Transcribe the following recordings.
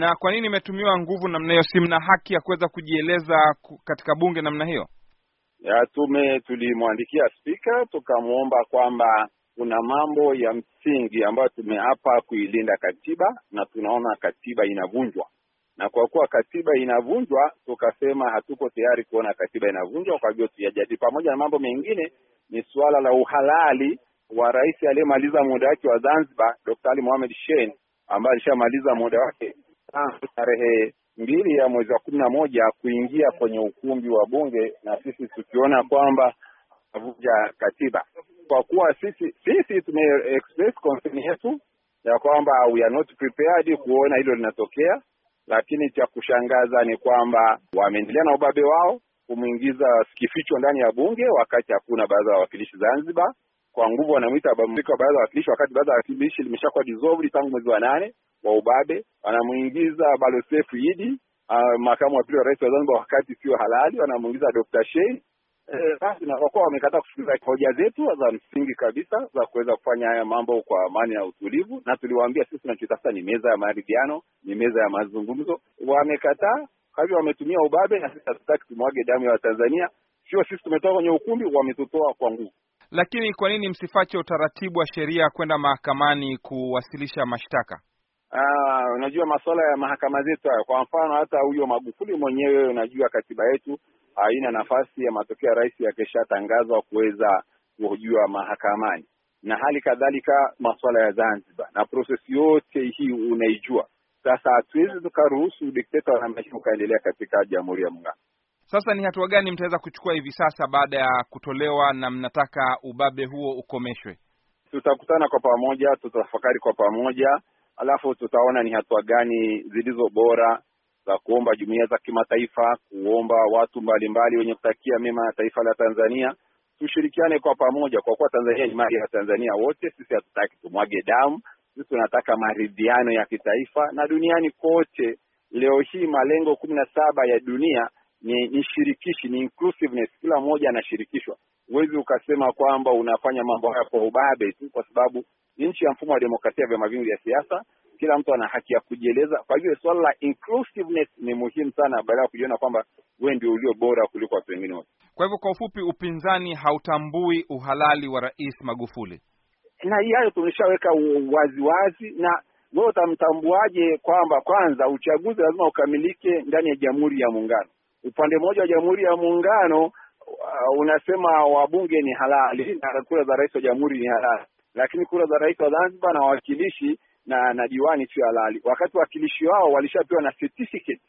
Na kwa nini imetumiwa nguvu namna hiyo? Si mna haki ya kuweza kujieleza katika bunge namna hiyo? Ya, tume tulimwandikia spika tukamwomba kwamba kuna mambo ya msingi ambayo tumeapa kuilinda katiba na tunaona katiba inavunjwa, na kwa kuwa katiba inavunjwa, tukasema hatuko tayari kuona katiba inavunjwa. Kwa hivyo tuyajadi, pamoja na mambo mengine, ni suala la uhalali wa rais aliyemaliza muda wake wa Zanzibar, Dr. Ali Mohamed Shein ambaye alishamaliza muda wake tangu tarehe mbili ya mwezi wa kumi na moja kuingia kwenye ukumbi wa bunge, na sisi tukiona kwamba avuja katiba, kwa kuwa sisi sisi tume express concern yetu ya kwamba we are not prepared kuona hilo linatokea, lakini cha kushangaza ni kwamba wameendelea na ubabe wao kumwingiza kificho ndani ya bunge wakati hakuna baraza la wawakilishi Zanzibar kwa nguvu wanamwita bamrika baraza la wakilishi, wakati baraza la wakilishi limeshakuwa dissolved tangu mwezi wa nane wa ubabe. Wanamwingiza Balosefu Idi, uh, ah, makamu wa pili wa rais wa Zanzibar, wakati sio halali. Wanamwingiza Dr. Shein. Eh, basi na kwa kuwa wamekataa kusikiliza hoja zetu za msingi kabisa za kuweza kufanya haya mambo kwa amani na utulivu, na tuliwaambia sisi tunachotafuta ni meza ya maridhiano, ni meza ya mazungumzo. Wamekataa, kwa hivyo wametumia ubabe, na sisi hatutaki tumwage damu ya Watanzania. Sio sisi tumetoka kwenye ukumbi, wametutoa kwa nguvu. Lakini kwa nini msifache utaratibu wa sheria kwenda mahakamani kuwasilisha mashtaka? Uh, unajua masuala ya mahakama zetu hayo. Kwa mfano hata huyo Magufuli mwenyewe, unajua katiba yetu haina nafasi ya matokeo ya rais yakishatangazwa kuweza kuhojiwa mahakamani, na hali kadhalika masuala ya Zanzibar na prosesi yote hii unaijua. Sasa hatuwezi tukaruhusu dikteta wa namna hii ukaendelea katika Jamhuri ya Muungano. Sasa ni hatua gani mtaweza kuchukua hivi sasa baada ya kutolewa na mnataka ubabe huo ukomeshwe? Tutakutana kwa pamoja, tutafakari kwa pamoja, alafu tutaona ni hatua gani zilizo bora za kuomba jumuiya za kimataifa, kuomba watu mbalimbali wenye kutakia mema ya taifa la Tanzania. Tushirikiane kwa pamoja, kwa kuwa Tanzania ni mali ya Tanzania wote. Sisi hatutaki tumwage damu, sisi tunataka maridhiano ya kitaifa. Na duniani kote leo hii malengo kumi na saba ya dunia ni, ni shirikishi, ni inclusiveness, kila mmoja anashirikishwa. Huwezi ukasema kwamba unafanya mambo haya kwa ubabe tu, kwa sababu ni nchi ya mfumo wa demokrasia, vyama vingi vya siasa, kila mtu ana haki ya kujieleza. Kwa hivyo swala la inclusiveness ni muhimu sana, baada ya kujiona kwamba wewe ndio ulio bora kuliko watu wengine wote. Kwa hivyo, kwa ufupi, upinzani hautambui uhalali wa Rais Magufuli, na hii hayo tumeshaweka waziwazi na wewe utamtambuaje kwamba kwanza uchaguzi lazima ukamilike ndani ya Jamhuri ya Muungano upande mmoja wa Jamhuri ya Muungano uh, unasema wabunge ni halali na kura za rais wa jamhuri ni halali, lakini kura za rais wa Zanzibar na wawakilishi na na diwani sio halali, wakati wawakilishi wao walishapewa na certificate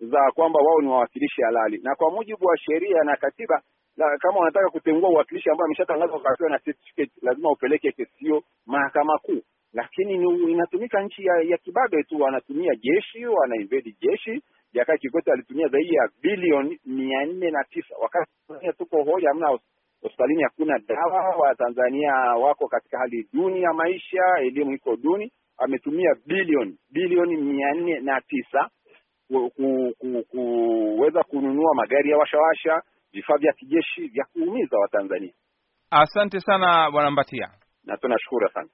za kwamba wao ni wawakilishi halali, na kwa mujibu wa sheria na katiba la, kama wanataka kutengua uwakilishi ambao ameshatangazwa kapewa na certificate, lazima upeleke kesi hiyo mahakama kuu. Lakini ni, inatumika nchi ya, ya kibabe tu, wanatumia jeshi, wanaivedi jeshi Jakaya Kikwete alitumia zaidi ya bilioni mia nne na tisa wakati Tanzania tuko hoja, hamna hospitalini, hakuna dawa, Watanzania wako katika hali duni ya maisha, elimu iko duni. Ametumia bilioni bilioni mia nne na tisa kuweza kununua magari ya washawasha, vifaa vya kijeshi vya kuumiza Watanzania. Asante sana Bwana Mbatia, na tunashukuru sana.